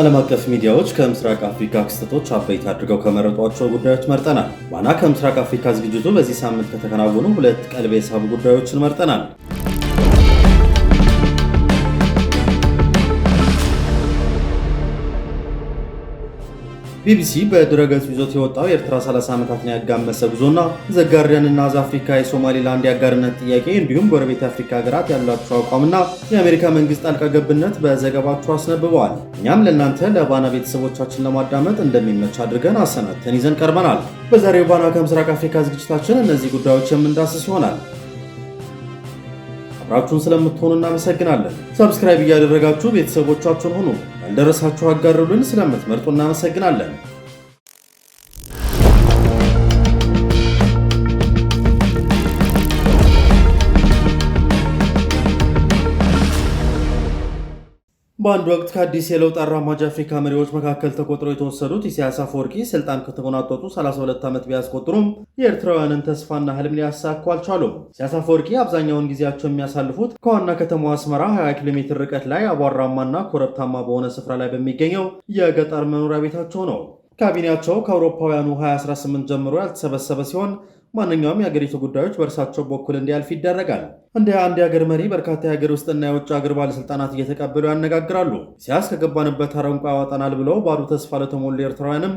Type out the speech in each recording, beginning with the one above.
ዓለም አቀፍ ሚዲያዎች ከምስራቅ አፍሪካ ክስተቶች አበይት አድርገው ከመረጧቸው ጉዳዮች መርጠናል። ዋና ከምስራቅ አፍሪካ ዝግጅቱ በዚህ ሳምንት ከተከናወኑ ሁለት ቀልብ የሳቡ ጉዳዮችን መርጠናል። ቢቢሲ በድረገጹ ይዞት የወጣው የኤርትራ 30 ዓመታትን ያጋመሰ ጉዞና ዘጋርዲያንና ዝ አፍሪካ የሶማሊላንድ የአጋርነት ጥያቄ እንዲሁም ጎረቤት የአፍሪካ ሀገራት ያሏቸው አቋምና የአሜሪካ መንግስት ጣልቃ ገብነት በዘገባችሁ አስነብበዋል። እኛም ለእናንተ ለባና ቤተሰቦቻችን ለማዳመጥ እንደሚመች አድርገን አሰናድተን ይዘን ቀርበናል። በዛሬው ባና ከምስራቅ አፍሪካ ዝግጅታችን እነዚህ ጉዳዮች የምንዳስስ ይሆናል። አብራችሁን ስለምትሆኑ እናመሰግናለን። ሰብስክራይብ እያደረጋችሁ ቤተሰቦቻችን ሁኑ። እንደረሳችሁ አጋሩልን። ስለምትመርጡ እናመሰግናለን። በአንድ ወቅት ከአዲስ የለውጥ አራማጅ አፍሪካ መሪዎች መካከል ተቆጥረው የተወሰዱት ኢሳያስ አፈወርቂ ስልጣን ከተቆናጠጡ 32 ዓመት ቢያስቆጥሩም የኤርትራውያንን ተስፋና ህልም ሊያሳኩ አልቻሉም። ኢሳያስ አፈወርቂ አብዛኛውን ጊዜያቸው የሚያሳልፉት ከዋና ከተማው አስመራ 20 ኪሎ ሜትር ርቀት ላይ አቧራማና ኮረብታማ በሆነ ስፍራ ላይ በሚገኘው የገጠር መኖሪያ ቤታቸው ነው። ካቢኔያቸው ከአውሮፓውያኑ 2018 ጀምሮ ያልተሰበሰበ ሲሆን ማንኛውም የአገሪቱ ጉዳዮች በእርሳቸው በኩል እንዲያልፍ ይደረጋል። እንደ አንድ የሀገር መሪ በርካታ የሀገር ውስጥና የውጭ ሀገር ባለስልጣናት እየተቀበሉ ያነጋግራሉ። ሲያስ ከገባንበት አረንቋ ያወጣናል ብለው ባዶ ተስፋ ለተሞሉ ኤርትራውያንም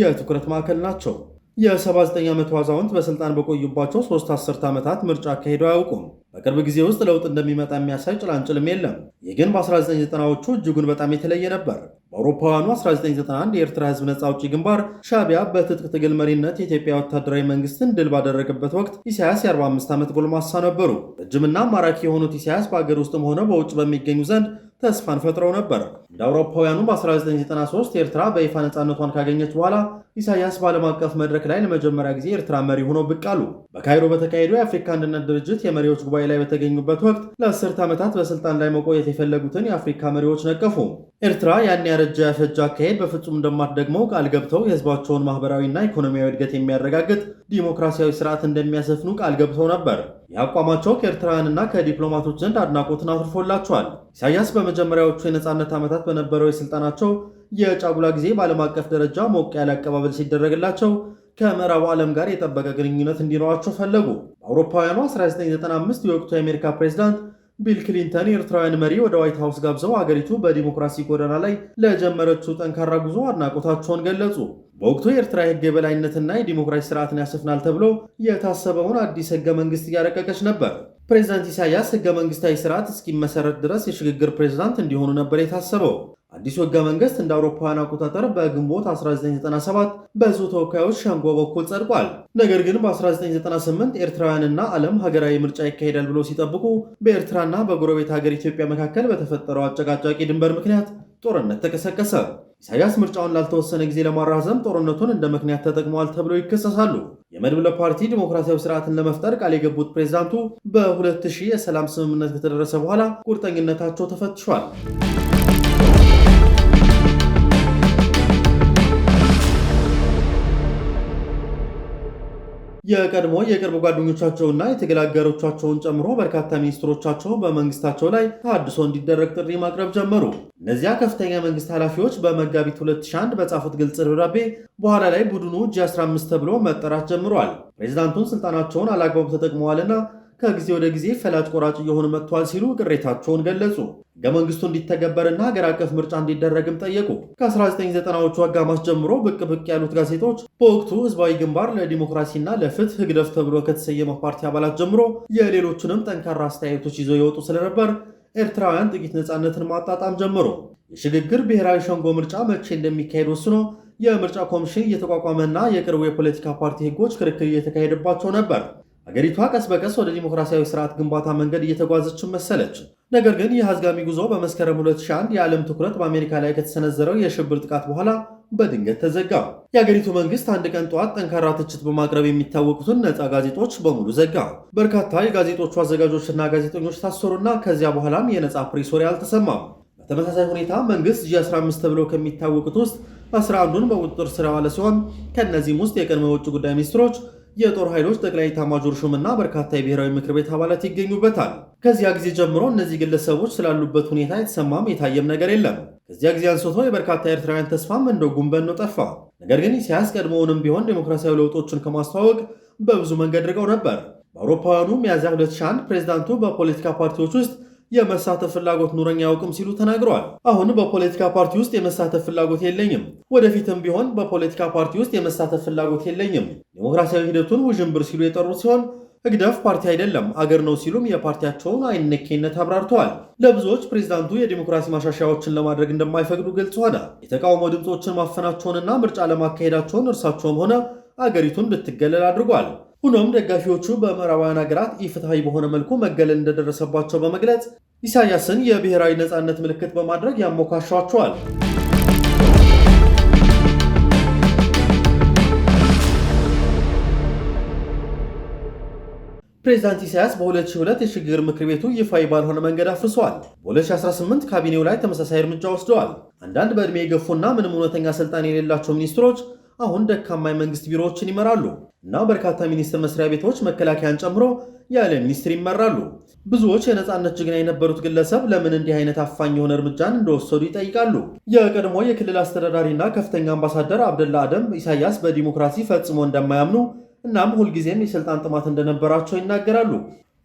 የትኩረት ማዕከል ናቸው። የ79 ዓመቱ አዛውንት በስልጣን በቆዩባቸው ሶስት አስርተ ዓመታት ምርጫ አካሄደው አያውቁም። በቅርብ ጊዜ ውስጥ ለውጥ እንደሚመጣ የሚያሳይ ጭላንጭልም የለም። ይህ ግን በ1990ዎቹ እጅጉን በጣም የተለየ ነበር። በአውሮፓውያኑ 1991 የኤርትራ ሕዝብ ነፃ አውጪ ግንባር ሻቢያ በትጥቅ ትግል መሪነት የኢትዮጵያ ወታደራዊ መንግስትን ድል ባደረገበት ወቅት ኢሳያስ የ45 ዓመት ጎልማሳ ነበሩ። ረጅምና ማራኪ የሆኑት ኢሳያስ በአገር ውስጥም ሆነ በውጭ በሚገኙ ዘንድ ተስፋን ፈጥረው ነበር። እንደ አውሮፓውያኑ በ1993 ኤርትራ በይፋ ነፃነቷን ካገኘች በኋላ ኢሳያስ በዓለም አቀፍ መድረክ ላይ ለመጀመሪያ ጊዜ ኤርትራ መሪ ሆነው ብቅ አሉ። በካይሮ በተካሄደው የአፍሪካ አንድነት ድርጅት የመሪዎች ጉባኤ ላይ በተገኙበት ወቅት ለአስርት ዓመታት በስልጣን ላይ መቆየት የፈለጉትን የአፍሪካ መሪዎች ነቀፉ። ኤርትራ ያን ያረጃ ያፈጀ አካሄድ በፍጹም እንደማትደግመው ቃል ገብተው የሕዝባቸውን ማህበራዊና ኢኮኖሚያዊ እድገት የሚያረጋግጥ ዲሞክራሲያዊ ስርዓት እንደሚያሰፍኑ ቃል ገብተው ነበር። የአቋማቸው ከኤርትራውያንና ከዲፕሎማቶች ዘንድ አድናቆትን አትርፎላቸዋል። ኢሳያስ በመጀመሪያዎቹ የነፃነት ዓመታት በነበረው የስልጣናቸው የጫጉላ ጊዜ በዓለም አቀፍ ደረጃ ሞቅ ያለ አቀባበል ሲደረግላቸው ከምዕራቡ ዓለም ጋር የጠበቀ ግንኙነት እንዲኖራቸው ፈለጉ። በአውሮፓውያኑ 1995 የወቅቱ የአሜሪካ ፕሬዚዳንት ቢል ክሊንተን የኤርትራውያን መሪ ወደ ዋይት ሀውስ ጋብዘው አገሪቱ በዲሞክራሲ ጎዳና ላይ ለጀመረችው ጠንካራ ጉዞ አድናቆታቸውን ገለጹ። በወቅቱ የኤርትራ የህግ የበላይነትና የዲሞክራሲ ስርዓትን ያሰፍናል ተብሎ የታሰበውን አዲስ ሕገ መንግስት እያረቀቀች ነበር። ፕሬዚዳንት ኢሳያስ ሕገ መንግስታዊ ስርዓት እስኪመሰረት ድረስ የሽግግር ፕሬዚዳንት እንዲሆኑ ነበር የታሰበው። አዲሱ ህገ መንግስት እንደ አውሮፓውያን አቆጣጠር በግንቦት 1997 በዙ ተወካዮች ሸንጎ በኩል ጸድቋል። ነገር ግን በ1998 ኤርትራውያንና ዓለም ሀገራዊ ምርጫ ይካሄዳል ብሎ ሲጠብቁ በኤርትራና በጎረቤት ሀገር ኢትዮጵያ መካከል በተፈጠረው አጨቃጫቂ ድንበር ምክንያት ጦርነት ተቀሰቀሰ። ኢሳያስ ምርጫውን ላልተወሰነ ጊዜ ለማራዘም ጦርነቱን እንደ ምክንያት ተጠቅመዋል ተብሎ ይከሰሳሉ። የመድብለ ፓርቲ ዲሞክራሲያዊ ስርዓትን ለመፍጠር ቃል የገቡት ፕሬዚዳንቱ በ2000 የሰላም ስምምነት ከተደረሰ በኋላ ቁርጠኝነታቸው ተፈትሿል። የቀድሞ የቅርብ ጓደኞቻቸውና የትግል አጋሮቻቸውን ጨምሮ በርካታ ሚኒስትሮቻቸው በመንግስታቸው ላይ ተሃድሶ እንዲደረግ ጥሪ ማቅረብ ጀመሩ። እነዚያ ከፍተኛ መንግስት ኃላፊዎች በመጋቢት 2001 በጻፉት ግልጽ ደብዳቤ በኋላ ላይ ቡድኑ ጂ15 ተብሎ መጠራት ጀምሯል። ፕሬዚዳንቱን ስልጣናቸውን አላግባብ ተጠቅመዋልና ከጊዜ ወደ ጊዜ ፈላጭ ቆራጭ እየሆኑ መጥቷል ሲሉ ቅሬታቸውን ገለጹ። ሕገ መንግስቱ እንዲተገበርና ሀገር አቀፍ ምርጫ እንዲደረግም ጠየቁ። ከ1990ዎቹ አጋማሽ ጀምሮ ብቅ ብቅ ያሉት ጋዜጦች በወቅቱ ህዝባዊ ግንባር ለዲሞክራሲና ለፍትህ ህግደፍ ተብሎ ከተሰየመ ፓርቲ አባላት ጀምሮ የሌሎቹንም ጠንካራ አስተያየቶች ይዘው የወጡ ስለነበር ኤርትራውያን ጥቂት ነፃነትን ማጣጣም ጀምሮ የሽግግር ብሔራዊ ሸንጎ ምርጫ መቼ እንደሚካሄድ ወስኖ የምርጫ ኮሚሽን እየተቋቋመና የቅርቡ የፖለቲካ ፓርቲ ህጎች ክርክር እየተካሄደባቸው ነበር። አገሪቷ ቀስ በቀስ ወደ ዲሞክራሲያዊ ስርዓት ግንባታ መንገድ እየተጓዘችን መሰለች። ነገር ግን ይህ አዝጋሚ ጉዞ በመስከረም 2001 የዓለም ትኩረት በአሜሪካ ላይ ከተሰነዘረው የሽብር ጥቃት በኋላ በድንገት ተዘጋ። የአገሪቱ መንግስት አንድ ቀን ጠዋት ጠንካራ ትችት በማቅረብ የሚታወቁትን ነፃ ጋዜጦች በሙሉ ዘጋ። በርካታ የጋዜጦቹ አዘጋጆችና ጋዜጠኞች ታሰሩና ከዚያ በኋላም የነፃ ፕሬስ ወሬ አልተሰማም። በተመሳሳይ ሁኔታ መንግስት ጂ15 ተብለው ከሚታወቁት ውስጥ 11 አንዱን በቁጥጥር ስር የዋለ ሲሆን ከእነዚህም ውስጥ የቀድሞ የውጭ ጉዳይ ሚኒስትሮች የጦር ኃይሎች ጠቅላይ ኤታማዦር ሹምና በርካታ የብሔራዊ ምክር ቤት አባላት ይገኙበታል። ከዚያ ጊዜ ጀምሮ እነዚህ ግለሰቦች ስላሉበት ሁኔታ የተሰማም የታየም ነገር የለም። ከዚያ ጊዜ አንስቶ የበርካታ ኤርትራውያን ተስፋም እንደ ጉንበን ነው ጠፋ። ነገር ግን ኢሳያስ ቀድሞውንም ቢሆን ዴሞክራሲያዊ ለውጦችን ከማስተዋወቅ በብዙ መንገድ ድርገው ነበር። በአውሮፓውያኑ ሚያዝያ 2001 ፕሬዚዳንቱ በፖለቲካ ፓርቲዎች ውስጥ የመሳተፍ ፍላጎት ኑረኝ አያውቅም ሲሉ ተናግረዋል። አሁን በፖለቲካ ፓርቲ ውስጥ የመሳተፍ ፍላጎት የለኝም፣ ወደፊትም ቢሆን በፖለቲካ ፓርቲ ውስጥ የመሳተፍ ፍላጎት የለኝም። ዴሞክራሲያዊ ሂደቱን ውዥንብር ሲሉ የጠሩት ሲሆን ህግደፍ ፓርቲ አይደለም አገር ነው ሲሉም የፓርቲያቸውን አይነኬነት አብራርተዋል። ለብዙዎች ፕሬዚዳንቱ የዲሞክራሲ ማሻሻያዎችን ለማድረግ እንደማይፈቅዱ ግልጽ ሆነ። የተቃውሞ ድምፆችን ማፈናቸውንና ምርጫ ለማካሄዳቸውን እርሳቸውም ሆነ አገሪቱን እንድትገለል አድርጓል። ሆኖም ደጋፊዎቹ በምዕራባውያን ሀገራት ኢፍትሐዊ በሆነ መልኩ መገለል እንደደረሰባቸው በመግለጽ ኢሳያስን የብሔራዊ ነፃነት ምልክት በማድረግ ያሞካሿቸዋል። ፕሬዚዳንት ኢሳያስ በ2002 የሽግግር ምክር ቤቱ ይፋዊ ባልሆነ መንገድ አፍርሰዋል። በ2018 ካቢኔው ላይ ተመሳሳይ እርምጃ ወስደዋል። አንዳንድ በዕድሜ የገፉና ምንም እውነተኛ ስልጣን የሌላቸው ሚኒስትሮች አሁን ደካማ የመንግስት ቢሮዎችን ይመራሉ እና በርካታ ሚኒስትር መስሪያ ቤቶች መከላከያን ጨምሮ ያለ ሚኒስትር ይመራሉ። ብዙዎች የነፃነት ጀግና የነበሩት ግለሰብ ለምን እንዲህ አይነት አፋኝ የሆነ እርምጃን እንደወሰዱ ይጠይቃሉ። የቀድሞ የክልል አስተዳዳሪና ከፍተኛ አምባሳደር አብደላ አደም ኢሳያስ በዲሞክራሲ ፈጽሞ እንደማያምኑ እናም ሁልጊዜም የስልጣን ጥማት እንደነበራቸው ይናገራሉ።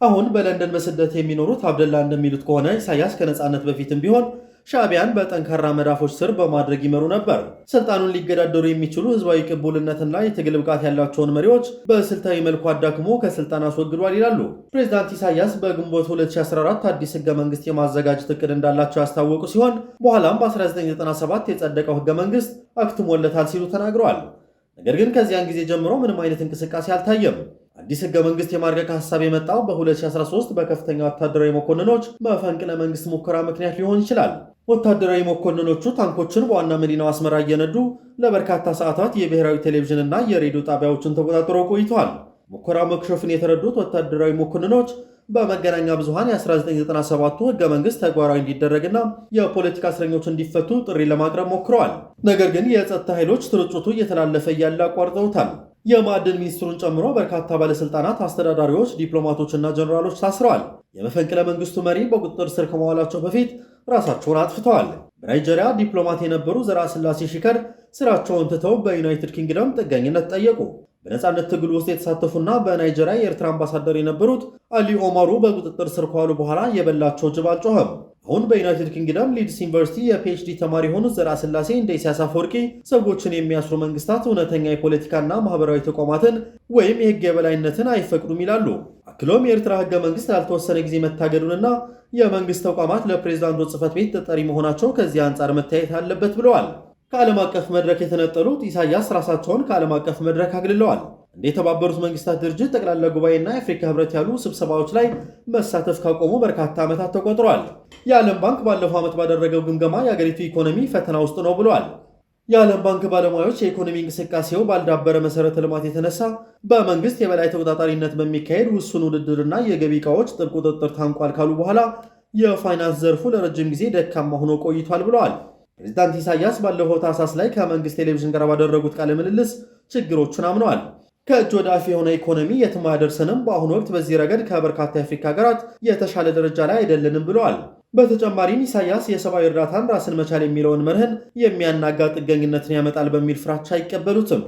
አሁን በለንደን በስደት የሚኖሩት አብደላ እንደሚሉት ከሆነ ኢሳያስ ከነፃነት በፊትም ቢሆን ሻቢያን በጠንካራ መዳፎች ስር በማድረግ ይመሩ ነበር። ስልጣኑን ሊገዳደሩ የሚችሉ ህዝባዊ ቅቡልነትና የትግል ብቃት ያላቸውን መሪዎች በስልታዊ መልኩ አዳክሞ ከስልጣን አስወግዷል ይላሉ። ፕሬዚዳንት ኢሳያስ በግንቦት 2014 አዲስ ህገ መንግስት የማዘጋጀት እቅድ እንዳላቸው ያስታወቁ ሲሆን በኋላም በ1997 የጸደቀው ህገ መንግስት አክትሞለታል ሲሉ ተናግረዋል። ነገር ግን ከዚያን ጊዜ ጀምሮ ምንም አይነት እንቅስቃሴ አልታየም። አዲስ ህገ መንግስት የማርቀቅ ሀሳብ የመጣው በ2013 በከፍተኛ ወታደራዊ መኮንኖች መፈንቅለ መንግስት ሙከራ ምክንያት ሊሆን ይችላል። ወታደራዊ መኮንኖቹ ታንኮችን በዋና መዲናው አስመራ እየነዱ ለበርካታ ሰዓታት የብሔራዊ ቴሌቪዥንና የሬዲዮ ጣቢያዎችን ተቆጣጥረው ቆይተዋል። ሙከራ መክሸፍን የተረዱት ወታደራዊ መኮንኖች በመገናኛ ብዙኃን የ1997ቱ ህገ መንግስት ተግባራዊ እንዲደረግና የፖለቲካ እስረኞች እንዲፈቱ ጥሪ ለማቅረብ ሞክረዋል። ነገር ግን የጸጥታ ኃይሎች ስርጭቱ እየተላለፈ እያለ አቋርጠውታል። የማዕድን ሚኒስትሩን ጨምሮ በርካታ ባለሥልጣናት፣ አስተዳዳሪዎች፣ ዲፕሎማቶችና ጀኔራሎች ታስረዋል። የመፈንቅለ መንግስቱ መሪ በቁጥጥር ስር ከመዋላቸው በፊት ራሳቸውን አጥፍተዋል። በናይጄሪያ ዲፕሎማት የነበሩ ዘራ ስላሴ ሽከር ስራቸውን ትተው በዩናይትድ ኪንግደም ጥገኝነት ጠየቁ። በነፃነት ትግል ውስጥ የተሳተፉና በናይጄሪያ የኤርትራ አምባሳደር የነበሩት አሊ ኦማሩ በቁጥጥር ስር ከዋሉ በኋላ የበላቸው ጅብ አልጮኸም። አሁን በዩናይትድ ኪንግደም ሊድስ ዩኒቨርሲቲ የፒኤችዲ ተማሪ የሆኑት እንደ ኢንዴሲያስ አፈወርቂ ሰዎችን የሚያስሩ መንግስታት እውነተኛ የፖለቲካና ማህበራዊ ተቋማትን ወይም የህግ የበላይነትን አይፈቅዱም ይላሉ። አክሎም የኤርትራ ህገ መንግስት ላልተወሰነ ጊዜ መታገዱንና የመንግስት ተቋማት ለፕሬዚዳንቱ ጽህፈት ቤት ተጠሪ መሆናቸው ከዚህ አንጻር መታየት አለበት ብለዋል። ከዓለም አቀፍ መድረክ የተነጠሉት ኢሳያስ ራሳቸውን ከዓለም አቀፍ መድረክ አግልለዋል። እንደ የተባበሩት መንግስታት ድርጅት ጠቅላላ ጉባኤና የአፍሪካ ህብረት ያሉ ስብሰባዎች ላይ መሳተፍ ካቆሙ በርካታ ዓመታት ተቆጥሯል። የዓለም ባንክ ባለፈው ዓመት ባደረገው ግምገማ የአገሪቱ ኢኮኖሚ ፈተና ውስጥ ነው ብሏል። የዓለም ባንክ ባለሙያዎች የኢኮኖሚ እንቅስቃሴው ባልዳበረ መሠረተ ልማት የተነሳ በመንግስት የበላይ ተቆጣጣሪነት በሚካሄድ ውሱን ውድድርና የገቢ ዕቃዎች ጥብቅ ቁጥጥር ታንቋል ካሉ በኋላ የፋይናንስ ዘርፉ ለረጅም ጊዜ ደካማ ሆኖ ቆይቷል ብለዋል። ፕሬዚዳንት ኢሳያስ ባለፈው ታህሳስ ላይ ከመንግስት ቴሌቪዥን ጋር ባደረጉት ቃለ ምልልስ ችግሮቹን አምነዋል። ከእጅ ወደ አፍ የሆነ ኢኮኖሚ የትም አያደርሰንም። በአሁኑ ወቅት በዚህ ረገድ ከበርካታ የአፍሪካ ሀገራት የተሻለ ደረጃ ላይ አይደለንም ብለዋል። በተጨማሪም ኢሳያስ የሰብአዊ እርዳታን ራስን መቻል የሚለውን መርህን የሚያናጋ ጥገኝነትን ያመጣል በሚል ፍራቻ አይቀበሉትም።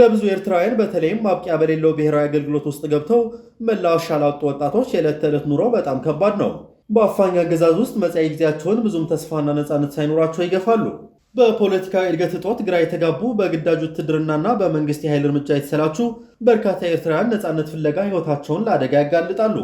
ለብዙ ኤርትራውያን በተለይም ማብቂያ በሌለው ብሔራዊ አገልግሎት ውስጥ ገብተው መላወሻ ላጡ ወጣቶች የዕለት ተዕለት ኑሮ በጣም ከባድ ነው። በአፋኝ አገዛዝ ውስጥ መጻኢ ጊዜያቸውን ብዙም ተስፋና ነፃነት ሳይኖራቸው ይገፋሉ። በፖለቲካ እድገት እጦት ግራ የተጋቡ በግዳጅ ውትድርናና በመንግስት የኃይል እርምጃ የተሰላቹ በርካታ ኤርትራውያን ነፃነት ፍለጋ ሕይወታቸውን ለአደጋ ያጋልጣሉ።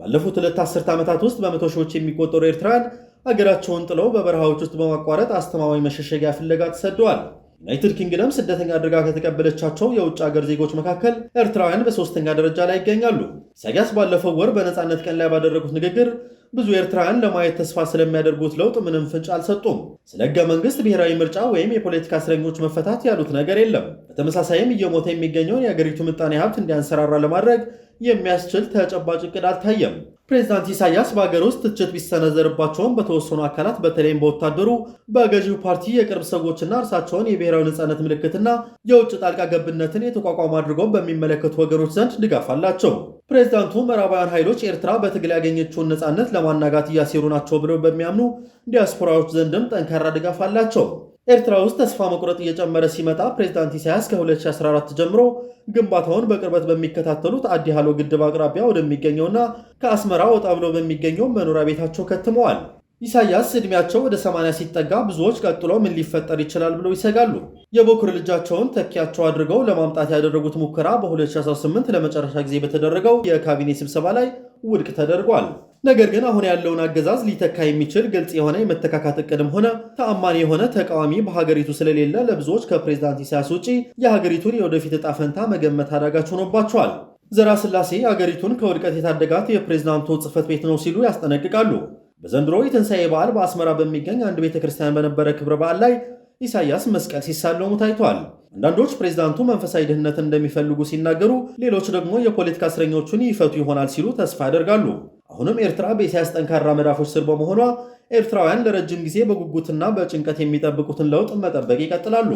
ባለፉት ሁለት አስርተ ዓመታት ውስጥ በመቶ ሺዎች የሚቆጠሩ ኤርትራውያን አገራቸውን ጥለው በበረሃዎች ውስጥ በማቋረጥ አስተማማኝ መሸሸጊያ ፍለጋ ተሰደዋል። ዩናይትድ ኪንግደም ስደተኛ አድርጋ ከተቀበለቻቸው የውጭ ሀገር ዜጎች መካከል ኤርትራውያን በሶስተኛ ደረጃ ላይ ይገኛሉ። ኢሳያስ ባለፈው ወር በነፃነት ቀን ላይ ባደረጉት ንግግር ብዙ ኤርትራውያን ለማየት ተስፋ ስለሚያደርጉት ለውጥ ምንም ፍንጭ አልሰጡም። ስለ ህገ መንግስት ብሔራዊ ምርጫ ወይም የፖለቲካ እስረኞች መፈታት ያሉት ነገር የለም። በተመሳሳይም እየሞተ የሚገኘውን የአገሪቱ ምጣኔ ሀብት እንዲያንሰራራ ለማድረግ የሚያስችል ተጨባጭ እቅድ አልታየም። ፕሬዚዳንት ኢሳያስ በሀገር ውስጥ ትችት ቢሰነዘርባቸውም በተወሰኑ አካላት በተለይም በወታደሩ በገዢው ፓርቲ የቅርብ ሰዎችና እርሳቸውን የብሔራዊ ነፃነት ምልክትና የውጭ ጣልቃ ገብነትን የተቋቋመ አድርገው በሚመለከቱ ወገኖች ዘንድ ድጋፍ አላቸው። ፕሬዚዳንቱ ምዕራባውያን ኃይሎች ኤርትራ በትግል ያገኘችውን ነፃነት ለማናጋት እያሴሩ ናቸው ብለው በሚያምኑ ዲያስፖራዎች ዘንድም ጠንካራ ድጋፍ አላቸው። ኤርትራ ውስጥ ተስፋ መቁረጥ እየጨመረ ሲመጣ ፕሬዚዳንት ኢሳያስ ከ2014 ጀምሮ ግንባታውን በቅርበት በሚከታተሉት አዲ ሃሎ ግድብ አቅራቢያ ወደሚገኘውና ከአስመራ ወጣ ብሎ በሚገኘው መኖሪያ ቤታቸው ከትመዋል። ኢሳያስ ዕድሜያቸው ወደ 80 ሲጠጋ ብዙዎች ቀጥሎ ምን ሊፈጠር ይችላል ብለው ይሰጋሉ። የበኩር ልጃቸውን ተኪያቸው አድርገው ለማምጣት ያደረጉት ሙከራ በ2018 ለመጨረሻ ጊዜ በተደረገው የካቢኔ ስብሰባ ላይ ውድቅ ተደርጓል። ነገር ግን አሁን ያለውን አገዛዝ ሊተካ የሚችል ግልጽ የሆነ የመተካካት እቅድም ሆነ ተአማኒ የሆነ ተቃዋሚ በሀገሪቱ ስለሌለ ለብዙዎች ከፕሬዝዳንት ኢሳያስ ውጪ የሀገሪቱን የወደፊት ዕጣ ፈንታ መገመት አዳጋች ሆኖባቸዋል። ዘራ ስላሴ አገሪቱን ከውድቀት የታደጋት የፕሬዝዳንቱ ጽሕፈት ቤት ነው ሲሉ ያስጠነቅቃሉ። በዘንድሮ የትንሣኤ በዓል በአስመራ በሚገኝ አንድ ቤተ ክርስቲያን በነበረ ክብረ በዓል ላይ ኢሳያስ መስቀል ሲሳለሙ ታይቷል። አንዳንዶች ፕሬዝዳንቱ መንፈሳዊ ድህነትን እንደሚፈልጉ ሲናገሩ፣ ሌሎች ደግሞ የፖለቲካ እስረኞቹን ይፈቱ ይሆናል ሲሉ ተስፋ ያደርጋሉ። አሁንም ኤርትራ በኢሳያስ ጠንካራ መዳፎች ስር በመሆኗ ኤርትራውያን ለረጅም ጊዜ በጉጉትና በጭንቀት የሚጠብቁትን ለውጥ መጠበቅ ይቀጥላሉ።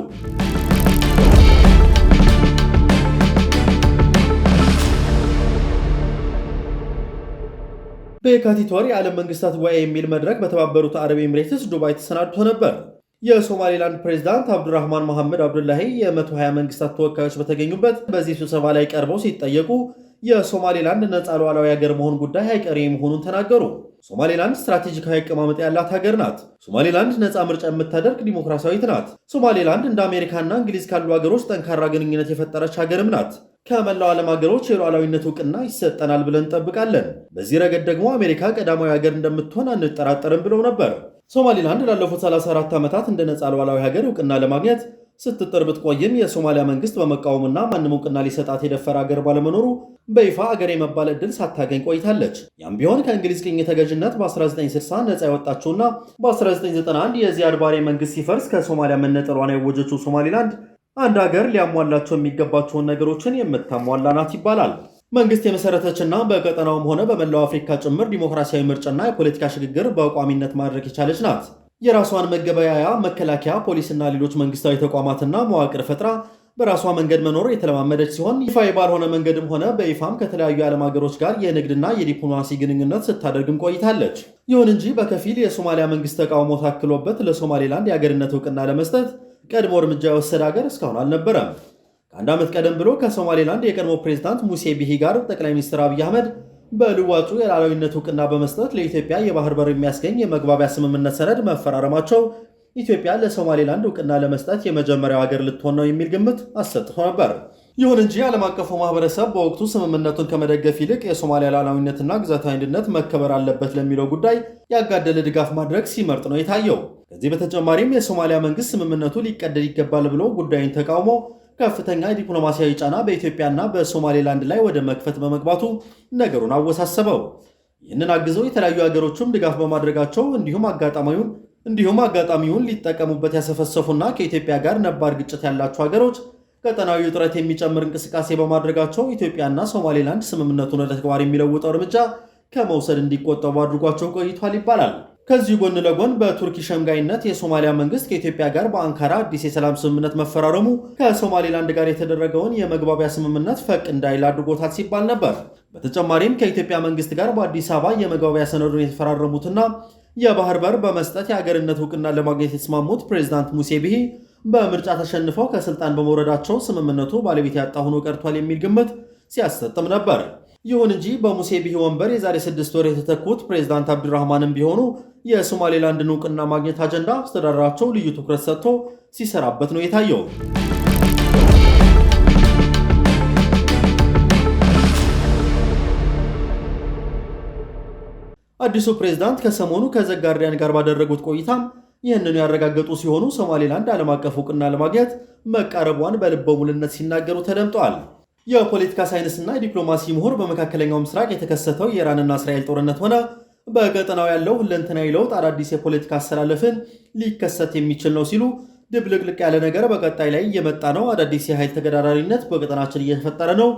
በየካቲት ወር የዓለም መንግስታት ጉባኤ የሚል መድረክ በተባበሩት አረብ ኤምሬትስ ዱባይ ተሰናድቶ ነበር። የሶማሌላንድ ፕሬዚዳንት አብዱራህማን መሐመድ አብዱላሂ የ120 መንግስታት ተወካዮች በተገኙበት በዚህ ስብሰባ ላይ ቀርበው ሲጠየቁ የሶማሌላንድ ነፃ ሉዓላዊ ሀገር መሆን ጉዳይ አይቀሬ መሆኑን ተናገሩ። ሶማሌላንድ ስትራቴጂካዊ አቀማመጥ ያላት ሀገር ናት። ሶማሌላንድ ነፃ ምርጫ የምታደርግ ዲሞክራሲያዊት ናት። ሶማሌላንድ እንደ አሜሪካና እንግሊዝ ካሉ ሀገሮች ጠንካራ ግንኙነት የፈጠረች ሀገርም ናት። ከመላው ዓለም ሀገሮች የሉዓላዊነት እውቅና ይሰጠናል ብለን እንጠብቃለን። በዚህ ረገድ ደግሞ አሜሪካ ቀዳማዊ ሀገር እንደምትሆን አንጠራጠርም ብለው ነበር። ሶማሌላንድ ላለፉት 34 ዓመታት እንደ ነፃ ሉዓላዊ ሀገር እውቅና ለማግኘት ስትጥር ብትቆይም የሶማሊያ መንግስት በመቃወምና ማንም እውቅና ሊሰጣት የደፈረ አገር ባለመኖሩ በይፋ አገር የመባል ዕድል ሳታገኝ ቆይታለች። ያም ቢሆን ከእንግሊዝ ቅኝ ተገዥነት በ1960 ነፃ የወጣችውና በ1991 የዚያድ ባሬ መንግስት ሲፈርስ ከሶማሊያ መነጠሏን ያወጀችው ሶማሊላንድ አንድ አገር ሊያሟላቸው የሚገባቸውን ነገሮችን የምታሟላ ናት ይባላል። መንግስት የመሰረተችና በቀጠናውም ሆነ በመላው አፍሪካ ጭምር ዲሞክራሲያዊ ምርጫና የፖለቲካ ሽግግር በቋሚነት ማድረግ የቻለች ናት። የራሷን መገበያያ መከላከያ፣ ፖሊስና ሌሎች መንግስታዊ ተቋማትና መዋቅር ፈጥራ በራሷ መንገድ መኖር የተለማመደች ሲሆን ይፋ ባልሆነ መንገድም ሆነ በይፋም ከተለያዩ የዓለም ሀገሮች ጋር የንግድና የዲፕሎማሲ ግንኙነት ስታደርግም ቆይታለች። ይሁን እንጂ በከፊል የሶማሊያ መንግስት ተቃውሞ ታክሎበት ለሶማሌላንድ የአገርነት እውቅና ለመስጠት ቀድሞ እርምጃ የወሰደ ሀገር እስካሁን አልነበረም። ከአንድ ዓመት ቀደም ብሎ ከሶማሌላንድ የቀድሞ ፕሬዚዳንት ሙሴ ቢሂ ጋር ጠቅላይ ሚኒስትር አብይ አህመድ በልዋጩ የሉዓላዊነት እውቅና በመስጠት ለኢትዮጵያ የባህር በር የሚያስገኝ የመግባቢያ ስምምነት ሰነድ መፈራረማቸው ኢትዮጵያ ለሶማሌላንድ እውቅና ለመስጠት የመጀመሪያው ሀገር ልትሆን ነው የሚል ግምት አሰጥቶ ነበር። ይሁን እንጂ ዓለም አቀፉ ማህበረሰብ በወቅቱ ስምምነቱን ከመደገፍ ይልቅ የሶማሊያ ሉዓላዊነትና ግዛታዊ አንድነት መከበር አለበት ለሚለው ጉዳይ ያጋደለ ድጋፍ ማድረግ ሲመርጥ ነው የታየው። ከዚህ በተጨማሪም የሶማሊያ መንግስት ስምምነቱ ሊቀደድ ይገባል ብሎ ጉዳዩን ተቃውሞ ከፍተኛ ዲፕሎማሲያዊ ጫና በኢትዮጵያና በሶማሌላንድ ላይ ወደ መክፈት በመግባቱ ነገሩን አወሳሰበው። ይህንን አግዘው የተለያዩ ሀገሮችም ድጋፍ በማድረጋቸው እንዲሁም አጋጣሚውን እንዲሁም አጋጣሚውን ሊጠቀሙበት ያሰፈሰፉና ከኢትዮጵያ ጋር ነባር ግጭት ያላቸው ሀገሮች ቀጠናዊ ውጥረት የሚጨምር እንቅስቃሴ በማድረጋቸው ኢትዮጵያና ሶማሌላንድ ስምምነቱን ወደ ተግባር የሚለውጠው እርምጃ ከመውሰድ እንዲቆጠቡ አድርጓቸው ቆይቷል ይባላል። ከዚህ ጎን ለጎን በቱርኪ ሸምጋይነት የሶማሊያ መንግስት ከኢትዮጵያ ጋር በአንካራ አዲስ የሰላም ስምምነት መፈራረሙ ከሶማሌላንድ ጋር የተደረገውን የመግባቢያ ስምምነት ፈቅ እንዳይል አድርጎታል ሲባል ነበር። በተጨማሪም ከኢትዮጵያ መንግስት ጋር በአዲስ አበባ የመግባቢያ ሰነዱን የተፈራረሙትና የባህር በር በመስጠት የአገርነት እውቅና ለማግኘት የተስማሙት ፕሬዚዳንት ሙሴ ቢሂ በምርጫ ተሸንፈው ከስልጣን በመውረዳቸው ስምምነቱ ባለቤት ያጣ ሆኖ ቀርቷል የሚል ግምት ሲያሰጥም ነበር። ይሁን እንጂ በሙሴ ቢሂ ወንበር የዛሬ ስድስት ወር የተተኩት ፕሬዚዳንት አብዱራህማንም ቢሆኑ የሶማሌላንድን እውቅና ማግኘት አጀንዳ አስተዳደራቸው ልዩ ትኩረት ሰጥቶ ሲሰራበት ነው የታየው። አዲሱ ፕሬዝዳንት ከሰሞኑ ከዘጋርዲያን ጋር ባደረጉት ቆይታም ይህንኑ ያረጋገጡ ሲሆኑ ሶማሌላንድ ዓለም አቀፍ እውቅና ለማግኘት መቃረቧን በልበ ሙልነት ሲናገሩ ተደምጧል። የፖለቲካ ሳይንስና የዲፕሎማሲ ምሁር በመካከለኛው ምስራቅ የተከሰተው የኢራንና እስራኤል ጦርነት ሆነ በቀጠናው ያለው ሁለንተናዊ ለውጥ አዳዲስ የፖለቲካ አሰላለፍን ሊከሰት የሚችል ነው ሲሉ ድብልቅልቅ ያለ ነገር በቀጣይ ላይ እየመጣ ነው፣ አዳዲስ የኃይል ተገዳዳሪነት በቀጠናችን እየተፈጠረ ነው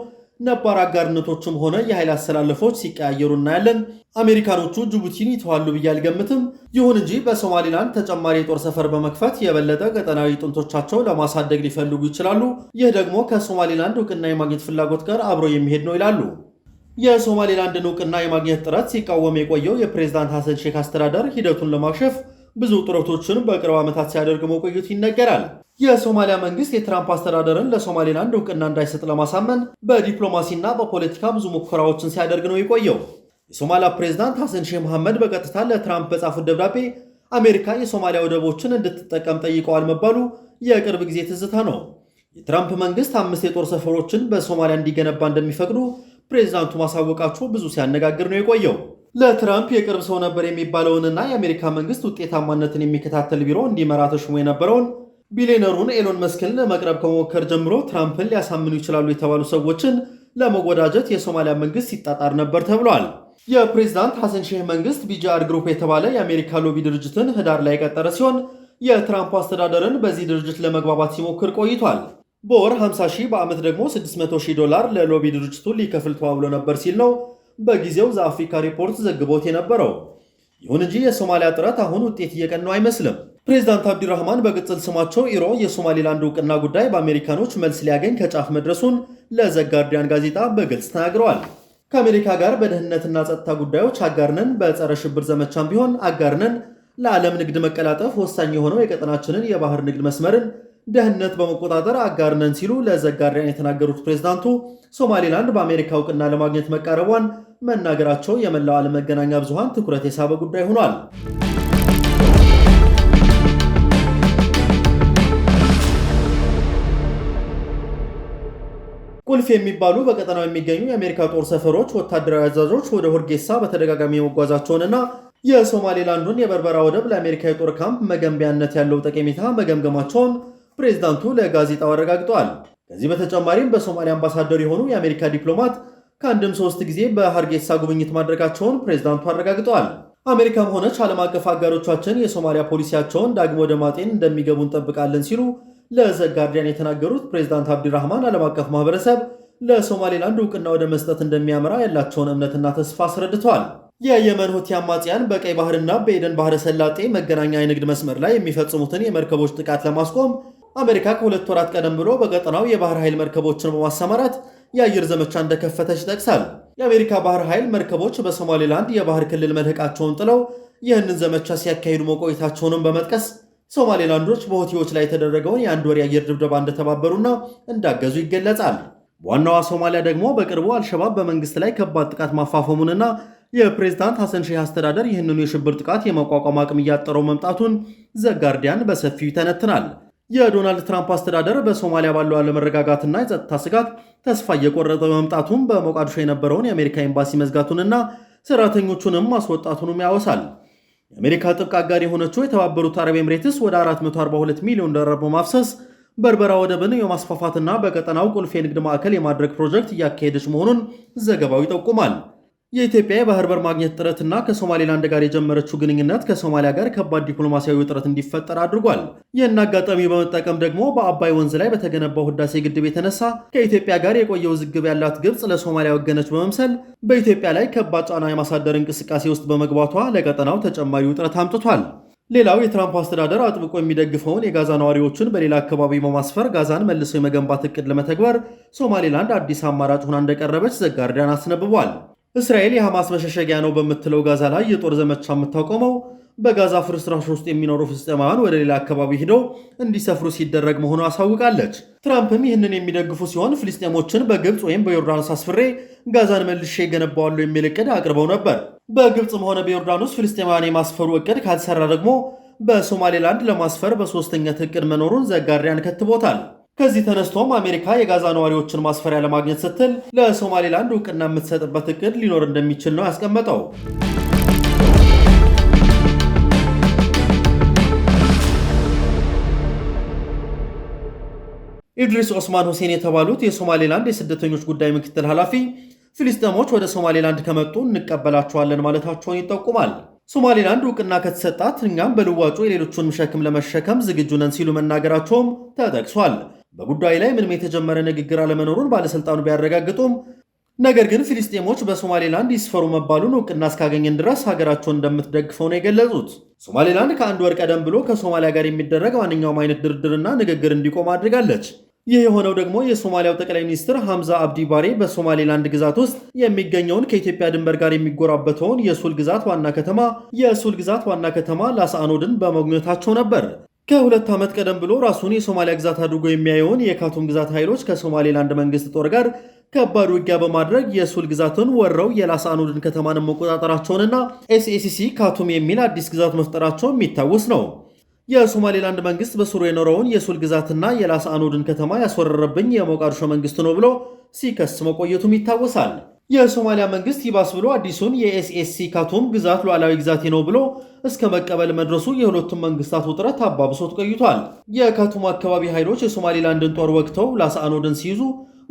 ነባር አጋርነቶችም ሆነ የኃይል አሰላለፎች ሲቀያየሩ እናያለን። አሜሪካኖቹ ጅቡቲን ይተዋሉ ብዬ አልገምትም። ይሁን እንጂ በሶማሊላንድ ተጨማሪ የጦር ሰፈር በመክፈት የበለጠ ቀጠናዊ ጥንቶቻቸው ለማሳደግ ሊፈልጉ ይችላሉ። ይህ ደግሞ ከሶማሊላንድ እውቅና የማግኘት ፍላጎት ጋር አብሮ የሚሄድ ነው ይላሉ። የሶማሊላንድን እውቅና የማግኘት ጥረት ሲቃወም የቆየው የፕሬዝዳንት ሐሰን ሼክ አስተዳደር ሂደቱን ለማክሸፍ ብዙ ጥረቶችን በቅርብ ዓመታት ሲያደርግ መቆየቱ ይነገራል። የሶማሊያ መንግስት የትራምፕ አስተዳደርን ለሶማሌላንድ እውቅና እንዳይሰጥ ለማሳመን በዲፕሎማሲና በፖለቲካ ብዙ ሙከራዎችን ሲያደርግ ነው የቆየው። የሶማሊያ ፕሬዝዳንት ሐሰን ሼህ መሐመድ በቀጥታ ለትራምፕ በጻፉት ደብዳቤ አሜሪካ የሶማሊያ ወደቦችን እንድትጠቀም ጠይቀዋል መባሉ የቅርብ ጊዜ ትዝታ ነው። የትራምፕ መንግስት አምስት የጦር ሰፈሮችን በሶማሊያ እንዲገነባ እንደሚፈቅዱ ፕሬዝዳንቱ ማሳወቃቸው ብዙ ሲያነጋግር ነው የቆየው። ለትራምፕ የቅርብ ሰው ነበር የሚባለውንና የአሜሪካ መንግስት ውጤታማነትን የሚከታተል ቢሮ እንዲመራ ተሹሞ የነበረውን ቢሊዮነሩን ኤሎን መስክን ለመቅረብ ከመሞከር ጀምሮ ትራምፕን ሊያሳምኑ ይችላሉ የተባሉ ሰዎችን ለመወዳጀት የሶማሊያ መንግስት ሲጣጣር ነበር ተብሏል። የፕሬዚዳንት ሐሰን ሼህ መንግስት ቢጂአር ግሩፕ የተባለ የአሜሪካ ሎቢ ድርጅትን ህዳር ላይ የቀጠረ ሲሆን የትራምፕ አስተዳደርን በዚህ ድርጅት ለመግባባት ሲሞክር ቆይቷል። በወር 50 ሺህ በዓመት ደግሞ 600 ሺህ ዶላር ለሎቢ ድርጅቱ ሊከፍል ተዋብሎ ነበር ሲል ነው በጊዜው ዘአፍሪካ ሪፖርት ዘግቦት የነበረው። ይሁን እንጂ የሶማሊያ ጥረት አሁን ውጤት እየቀነው አይመስልም። ፕሬዚዳንት አብዲራህማን በቅጽል ስማቸው ኢሮ የሶማሌላንድ እውቅና ጉዳይ በአሜሪካኖች መልስ ሊያገኝ ከጫፍ መድረሱን ለዘጋርዲያን ጋዜጣ በግልጽ ተናግረዋል። ከአሜሪካ ጋር በደህንነትና ጸጥታ ጉዳዮች አጋርነን፣ በጸረ ሽብር ዘመቻም ቢሆን አጋርነን፣ ለዓለም ንግድ መቀላጠፍ ወሳኝ የሆነው የቀጠናችንን የባህር ንግድ መስመርን ደህንነት በመቆጣጠር አጋርነን ሲሉ ለዘጋሪያን የተናገሩት ፕሬዝዳንቱ ሶማሌላንድ በአሜሪካ እውቅና ለማግኘት መቃረቧን መናገራቸው የመላው ዓለም መገናኛ ብዙሃን ትኩረት የሳበ ጉዳይ ሆኗል። ቁልፍ የሚባሉ በቀጠናው የሚገኙ የአሜሪካ ጦር ሰፈሮች ወታደራዊ አዛዦች ወደ ሆርጌሳ በተደጋጋሚ መጓዛቸውንና የሶማሌላንዱን የበርበራ ወደብ ለአሜሪካ የጦር ካምፕ መገንቢያነት ያለው ጠቀሜታ መገምገማቸውን ፕሬዚዳንቱ ለጋዜጣው አረጋግጠዋል። ከዚህ በተጨማሪም በሶማሊያ አምባሳደር የሆኑ የአሜሪካ ዲፕሎማት ከአንድም ሶስት ጊዜ በሀርጌሳ ጉብኝት ማድረጋቸውን ፕሬዚዳንቱ አረጋግጠዋል። አሜሪካም ሆነች ዓለም አቀፍ አጋሮቻችን የሶማሊያ ፖሊሲያቸውን ዳግሞ ወደ ማጤን እንደሚገቡ እንጠብቃለን ሲሉ ጋርዲያን የተናገሩት ፕሬዚዳንት አብዲራህማን ዓለም አቀፍ ማህበረሰብ ለሶማሌላንድ እውቅና ወደ መስጠት እንደሚያምራ ያላቸውን እምነትና ተስፋ አስረድተዋል። የየመን ሁቲ አማጽያን በቀይ ባህርና በኤደን ባህረ ሰላጤ መገናኛ የንግድ መስመር ላይ የሚፈጽሙትን የመርከቦች ጥቃት ለማስቆም አሜሪካ ከሁለት ወራት ቀደም ብሎ በቀጠናው የባህር ኃይል መርከቦችን በማሰማራት የአየር ዘመቻ እንደከፈተች ይጠቅሳል። የአሜሪካ ባህር ኃይል መርከቦች በሶማሌላንድ የባህር ክልል መልህቃቸውን ጥለው ይህንን ዘመቻ ሲያካሂዱ መቆየታቸውንም በመጥቀስ ሶማሌላንዶች በሆቲዎች ላይ የተደረገውን የአንድ ወር የአየር ድብደባ እንደተባበሩና እንዳገዙ ይገለጻል። ዋናዋ ሶማሊያ ደግሞ በቅርቡ አልሸባብ በመንግስት ላይ ከባድ ጥቃት ማፋፈሙንና የፕሬዝዳንት ሐሰን ሼህ አስተዳደር ይህንኑ የሽብር ጥቃት የመቋቋም አቅም እያጠረው መምጣቱን ዘጋርዲያን በሰፊው ይተነትናል። የዶናልድ ትራምፕ አስተዳደር በሶማሊያ ባለው አለመረጋጋትና የጸጥታ ስጋት ተስፋ እየቆረጠ መምጣቱን በሞቃዲሾ የነበረውን የአሜሪካ ኤምባሲ መዝጋቱንና ሰራተኞቹንም ማስወጣቱንም ያወሳል። የአሜሪካ ጥብቅ አጋር የሆነችው የተባበሩት አረብ ኤምሬትስ ወደ 442 ሚሊዮን ዶላር በማፍሰስ በርበራ ወደብን የማስፋፋትና በቀጠናው ቁልፍ የንግድ ማዕከል የማድረግ ፕሮጀክት እያካሄደች መሆኑን ዘገባው ይጠቁማል። የኢትዮጵያ የባህር በር ማግኘት ጥረትና ከሶማሌላንድ ጋር የጀመረችው ግንኙነት ከሶማሊያ ጋር ከባድ ዲፕሎማሲያዊ ውጥረት እንዲፈጠር አድርጓል። ይህን አጋጣሚ በመጠቀም ደግሞ በአባይ ወንዝ ላይ በተገነባው ህዳሴ ግድብ የተነሳ ከኢትዮጵያ ጋር የቆየ ውዝግብ ያላት ግብፅ ለሶማሊያ ወገነች በመምሰል በኢትዮጵያ ላይ ከባድ ጫና የማሳደር እንቅስቃሴ ውስጥ በመግባቷ ለቀጠናው ተጨማሪ ውጥረት አምጥቷል። ሌላው የትራምፕ አስተዳደር አጥብቆ የሚደግፈውን የጋዛ ነዋሪዎችን በሌላ አካባቢ በማስፈር ጋዛን መልሶ የመገንባት እቅድ ለመተግበር ሶማሌላንድ አዲስ አማራጭ ሆና እንደቀረበች ዘጋርዳን አስነብቧል። እስራኤል የሐማስ መሸሸጊያ ነው በምትለው ጋዛ ላይ የጦር ዘመቻ የምታቆመው በጋዛ ፍርስራሽ ውስጥ የሚኖሩ ፍልስጤማውያን ወደ ሌላ አካባቢ ሂደው እንዲሰፍሩ ሲደረግ መሆኑ አሳውቃለች። ትራምፕም ይህንን የሚደግፉ ሲሆን ፍልስጤሞችን በግብፅ ወይም በዮርዳኖስ አስፍሬ ጋዛን መልሼ ገነባዋለሁ የሚል እቅድ አቅርበው ነበር። በግብፅም ሆነ በዮርዳኖስ ፍልስጤማውያን የማስፈሩ እቅድ ካልሰራ ደግሞ በሶማሌላንድ ለማስፈር በሶስተኛ እቅድ መኖሩን ዘጋሪ ከትቦታል። ከዚህ ተነስቶም አሜሪካ የጋዛ ነዋሪዎችን ማስፈሪያ ለማግኘት ስትል ለሶማሌላንድ እውቅና የምትሰጥበት እቅድ ሊኖር እንደሚችል ነው ያስቀመጠው። ኢድሪስ ኦስማን ሁሴን የተባሉት የሶማሌላንድ የስደተኞች ጉዳይ ምክትል ኃላፊ ፊሊስጤሞች ወደ ሶማሌላንድ ከመጡ እንቀበላቸዋለን ማለታቸውን ይጠቁማል። ሶማሌላንድ እውቅና ከተሰጣት እኛም በልዋጩ የሌሎቹን ሸክም ለመሸከም ዝግጁ ነን ሲሉ መናገራቸውም ተጠቅሷል። በጉዳዩ ላይ ምንም የተጀመረ ንግግር አለመኖሩን ባለሥልጣኑ ቢያረጋግጡም ነገር ግን ፊልስጤሞች በሶማሌላንድ ይስፈሩ መባሉን እውቅና እስካገኘን ድረስ ሀገራቸውን እንደምትደግፈው ነው የገለጹት። ሶማሌላንድ ከአንድ ወር ቀደም ብሎ ከሶማሊያ ጋር የሚደረግ ማንኛውም አይነት ድርድርና ንግግር እንዲቆም አድርጋለች። ይህ የሆነው ደግሞ የሶማሊያው ጠቅላይ ሚኒስትር ሐምዛ አብዲ ባሬ በሶማሌላንድ ግዛት ውስጥ የሚገኘውን ከኢትዮጵያ ድንበር ጋር የሚጎራበተውን የሱል ግዛት ዋና ከተማ የሱል ግዛት ዋና ከተማ ላስአኖድን በመጎብኘታቸው ነበር። ከሁለት ዓመት ቀደም ብሎ ራሱን የሶማሊያ ግዛት አድርጎ የሚያየውን የካቱም ግዛት ኃይሎች ከሶማሌላንድ መንግስት ጦር ጋር ከባድ ውጊያ በማድረግ የሱል ግዛትን ወረው የላሳኑድን ከተማንም መቆጣጠራቸውንና ኤስኤሲሲ ካቱም የሚል አዲስ ግዛት መፍጠራቸው የሚታወስ ነው። የሶማሌላንድ መንግስት በስሩ የኖረውን የሱል ግዛትና የላሳኑድን ከተማ ያስወረረብኝ የሞቃዲሾ መንግስት ነው ብሎ ሲከስ መቆየቱም ይታወሳል። የሶማሊያ መንግስት ይባስ ብሎ አዲሱን የኤስኤስሲ ካቱም ግዛት ሉዓላዊ ግዛቴ ነው ብሎ እስከ መቀበል መድረሱ የሁለቱም መንግስታት ውጥረት አባብሶት ቆይቷል። የካቱም አካባቢ ኃይሎች የሶማሌላንድን ጦር ወቅተው ላስአኖድን ሲይዙ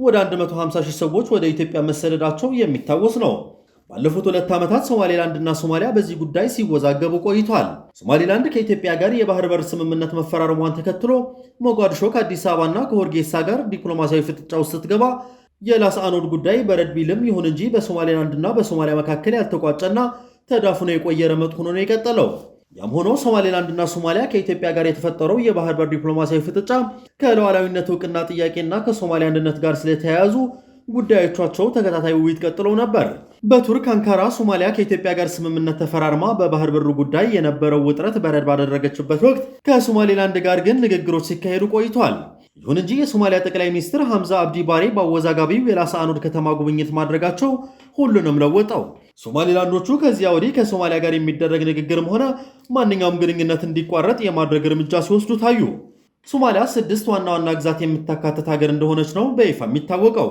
ወደ 150 ሺህ ሰዎች ወደ ኢትዮጵያ መሰደዳቸው የሚታወስ ነው። ባለፉት ሁለት ዓመታት ሶማሌላንድና ሶማሊያ በዚህ ጉዳይ ሲወዛገቡ ቆይቷል። ሶማሌላንድ ከኢትዮጵያ ጋር የባህር በር ስምምነት መፈራረሟን ተከትሎ ሞጋዲሾ ከአዲስ አበባና ከሆርጌሳ ጋር ዲፕሎማሲያዊ ፍጥጫ ውስጥ ስትገባ የላስ አኖድ ጉዳይ በረድ ቢልም ይሁን እንጂ በሶማሌላንድና በሶማሊያ መካከል ያልተቋጨና ተዳፍኖ የቆየ ረመጥ ሆኖ ነው የቀጠለው። ያም ሆኖ ሶማሌላንድና ሶማሊያ ከኢትዮጵያ ጋር የተፈጠረው የባህር በር ዲፕሎማሲያዊ ፍጥጫ ከሉዓላዊነት እውቅና ጥያቄና ከሶማሊያ አንድነት ጋር ስለተያያዙ ጉዳዮቻቸው ተከታታይ ውይይት ቀጥለው ነበር። በቱርክ አንካራ ሶማሊያ ከኢትዮጵያ ጋር ስምምነት ተፈራርማ በባህር በሩ ጉዳይ የነበረው ውጥረት በረድ ባደረገችበት ወቅት ከሶማሌላንድ ጋር ግን ንግግሮች ሲካሄዱ ቆይቷል። ይሁን እንጂ የሶማሊያ ጠቅላይ ሚኒስትር ሐምዛ አብዲ ባሬ በአወዛጋቢው የላሳአኖድ ከተማ ጉብኝት ማድረጋቸው ሁሉንም ለወጠው። ሶማሊላንዶቹ ከዚያ ወዲህ ከሶማሊያ ጋር የሚደረግ ንግግርም ሆነ ማንኛውም ግንኙነት እንዲቋረጥ የማድረግ እርምጃ ሲወስዱ ታዩ። ሶማሊያ ስድስት ዋና ዋና ግዛት የምታካትት ሀገር እንደሆነች ነው በይፋ የሚታወቀው።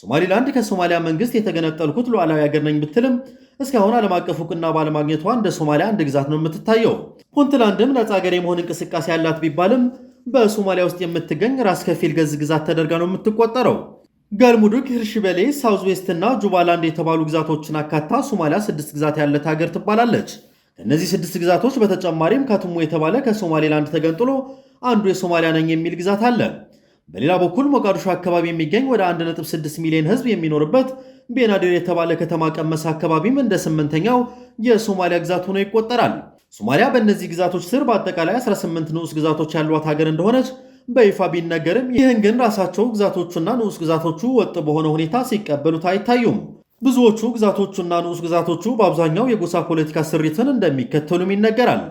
ሶማሊላንድ ከሶማሊያ መንግስት የተገነጠልኩት ሉዓላዊ ሀገር ነኝ ብትልም እስካሁን ዓለም አቀፍ እውቅና ባለማግኘቷ እንደ ሶማሊያ አንድ ግዛት ነው የምትታየው። ፑንትላንድም ነፃ ሀገር የመሆን እንቅስቃሴ ያላት ቢባልም በሶማሊያ ውስጥ የምትገኝ ራስ ከፊል ገዝ ግዛት ተደርጋ ነው የምትቆጠረው። ገልሙዱግ፣ ሂርሽቤሌ፣ ሳውዝ ዌስት እና ጁባላንድ የተባሉ ግዛቶችን አካታ ሶማሊያ ስድስት ግዛት ያለት ሀገር ትባላለች። ከእነዚህ ስድስት ግዛቶች በተጨማሪም ከትሙ የተባለ ከሶማሌላንድ ተገንጥሎ አንዱ የሶማሊያ ነኝ የሚል ግዛት አለ። በሌላ በኩል ሞቃዲሾ አካባቢ የሚገኝ ወደ 1.6 ሚሊዮን ህዝብ የሚኖርበት ቤናዴር የተባለ ከተማ ቀመስ አካባቢም እንደ ስምንተኛው የሶማሊያ ግዛት ሆኖ ይቆጠራል። ሶማሊያ በእነዚህ ግዛቶች ስር በአጠቃላይ 18 ንዑስ ግዛቶች ያሏት ሀገር እንደሆነች በይፋ ቢነገርም ይህን ግን ራሳቸው ግዛቶቹና ንዑስ ግዛቶቹ ወጥ በሆነ ሁኔታ ሲቀበሉት አይታዩም። ብዙዎቹ ግዛቶቹና ንዑስ ግዛቶቹ በአብዛኛው የጎሳ ፖለቲካ ስሪትን እንደሚከተሉም ይነገራል።